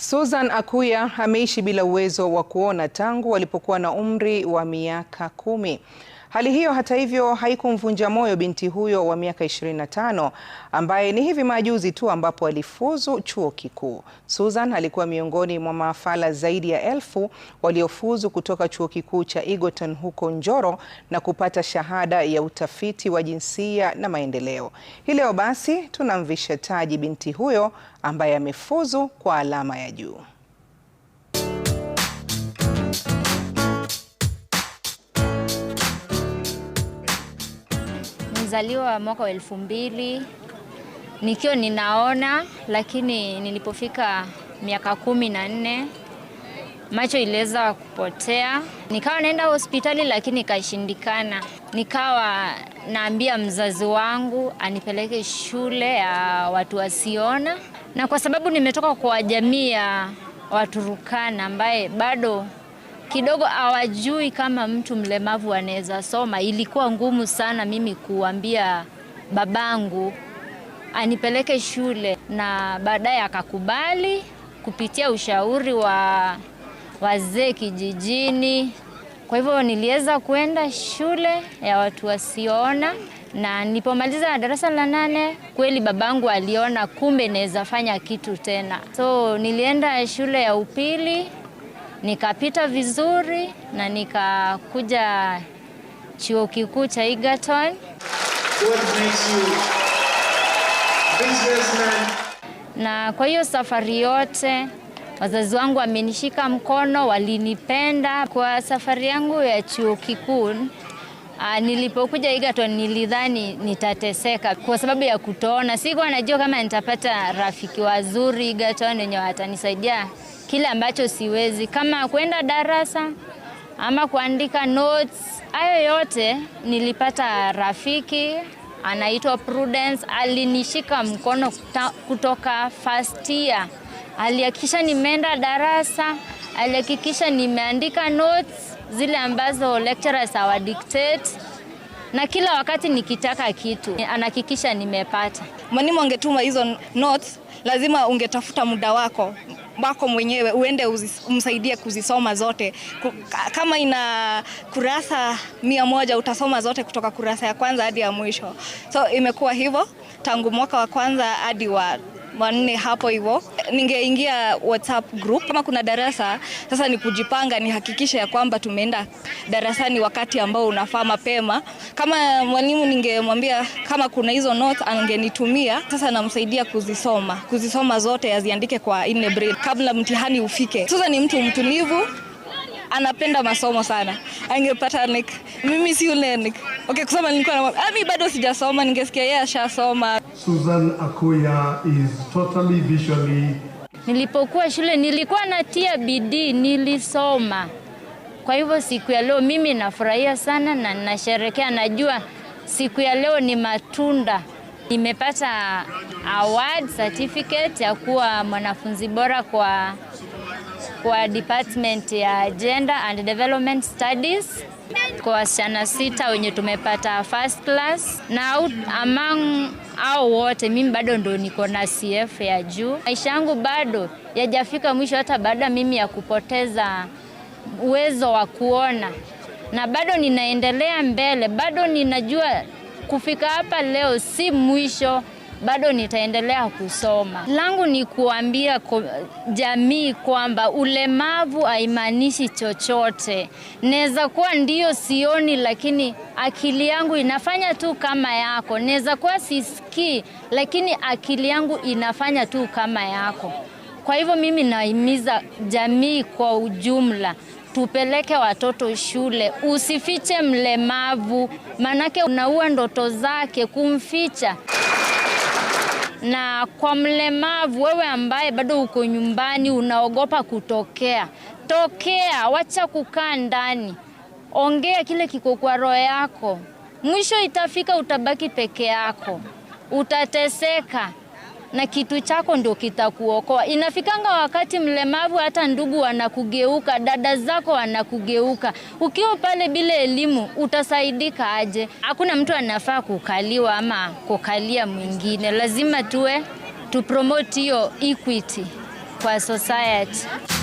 Susan Akuya ameishi bila uwezo wa kuona tangu alipokuwa na umri wa miaka kumi. Hali hiyo hata hivyo haikumvunja moyo binti huyo wa miaka 25 ambaye ni hivi majuzi tu ambapo alifuzu chuo kikuu. Susan alikuwa miongoni mwa maafala zaidi ya elfu waliofuzu kutoka chuo kikuu cha Egerton huko Njoro na kupata shahada ya utafiti wa jinsia na maendeleo. Hii leo basi tunamvisha taji binti huyo ambaye amefuzu kwa alama ya juu. Nilizaliwa mwaka wa elfu mbili nikiwa ninaona, lakini nilipofika miaka kumi na nne macho iliweza kupotea, nikawa naenda hospitali lakini ikashindikana. Nikawa naambia mzazi wangu anipeleke shule ya watu wasiona, na kwa sababu nimetoka kwa jamii ya Waturukana ambaye bado kidogo hawajui kama mtu mlemavu anaweza soma. Ilikuwa ngumu sana mimi kuambia babangu anipeleke shule, na baadaye akakubali kupitia ushauri wa wazee kijijini. Kwa hivyo niliweza kwenda shule ya watu wasioona, na nilipomaliza darasa la nane kweli babangu aliona kumbe naweza fanya kitu tena, so nilienda shule ya upili nikapita vizuri na nikakuja chuo kikuu cha Egerton. Na kwa hiyo safari yote wazazi wangu wamenishika mkono, walinipenda. Kwa safari yangu ya chuo kikuu Aa, ah, nilipokuja Egerton nilidhani nitateseka kwa sababu ya kutoona. Sikuwa najua kama nitapata rafiki wazuri Egerton wenye watanisaidia kile ambacho siwezi, kama kwenda darasa ama kuandika notes. Hayo yote nilipata rafiki anaitwa Prudence, alinishika mkono kutoka first year, alihakikisha nimeenda darasa, alihakikisha nimeandika notes zile ambazo lecturers hawa dictate na kila wakati nikitaka kitu anahakikisha nimepata. Mwalimu angetuma hizo notes, lazima ungetafuta muda wako wako mwenyewe uende uzis, umsaidie kuzisoma zote. Kama ina kurasa mia moja utasoma zote kutoka kurasa ya kwanza hadi ya mwisho. So imekuwa hivyo tangu mwaka wa kwanza hadi wa wanne hapo hivyo ningeingia WhatsApp group kama kuna darasa sasa, ni kujipanga, nihakikishe ya kwamba tumeenda darasani wakati ambao unafaa mapema. Kama mwalimu ningemwambia kama kuna hizo notes angenitumia, sasa namsaidia kuzisoma, kuzisoma zote aziandike kwa ine braille kabla mtihani ufike. Sasa ni mtu mtulivu, anapenda masomo sana, angepata like mimi si ule like okay, kusoma nilikuwa na mimi ah, bado sijasoma, ningesikia yeye ashasoma. Susan Akoya is totally visually. Nilipokuwa shule nilikuwa natia bidii, nilisoma. Kwa hivyo siku ya leo mimi nafurahia sana na nasherekea, najua siku ya leo ni matunda. Nimepata award certificate ya kuwa mwanafunzi bora kwa, kwa department ya gender and development studies kwa wasichana sita wenye tumepata first class, na among au wote mimi bado ndo niko na CF ya juu. Maisha yangu bado yajafika mwisho, hata baada mimi ya kupoteza uwezo wa kuona, na bado ninaendelea mbele, bado ninajua kufika hapa leo si mwisho bado nitaendelea kusoma. Langu ni kuambia jamii kwamba ulemavu haimaanishi chochote. Naweza kuwa ndio sioni, lakini akili yangu inafanya tu kama yako. Naweza kuwa sisikii, lakini akili yangu inafanya tu kama yako. Kwa hivyo mimi nahimiza jamii kwa ujumla tupeleke watoto shule, usifiche mlemavu, maanake unaua ndoto zake kumficha na kwa mlemavu, wewe ambaye bado uko nyumbani unaogopa kutokea, tokea, wacha kukaa ndani, ongea kile kiko kwa roho yako. Mwisho itafika, utabaki peke yako, utateseka na kitu chako ndio kitakuokoa. Inafikanga wakati mlemavu, hata ndugu wanakugeuka, dada zako wanakugeuka. Ukiwa pale bila elimu, utasaidika aje? Hakuna mtu anafaa kukaliwa ama kukalia mwingine. Lazima tuwe tupromote hiyo equity kwa society.